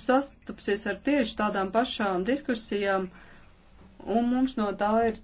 sastapsies ar tieši tādām pašām diskusijām, un mums no tā ir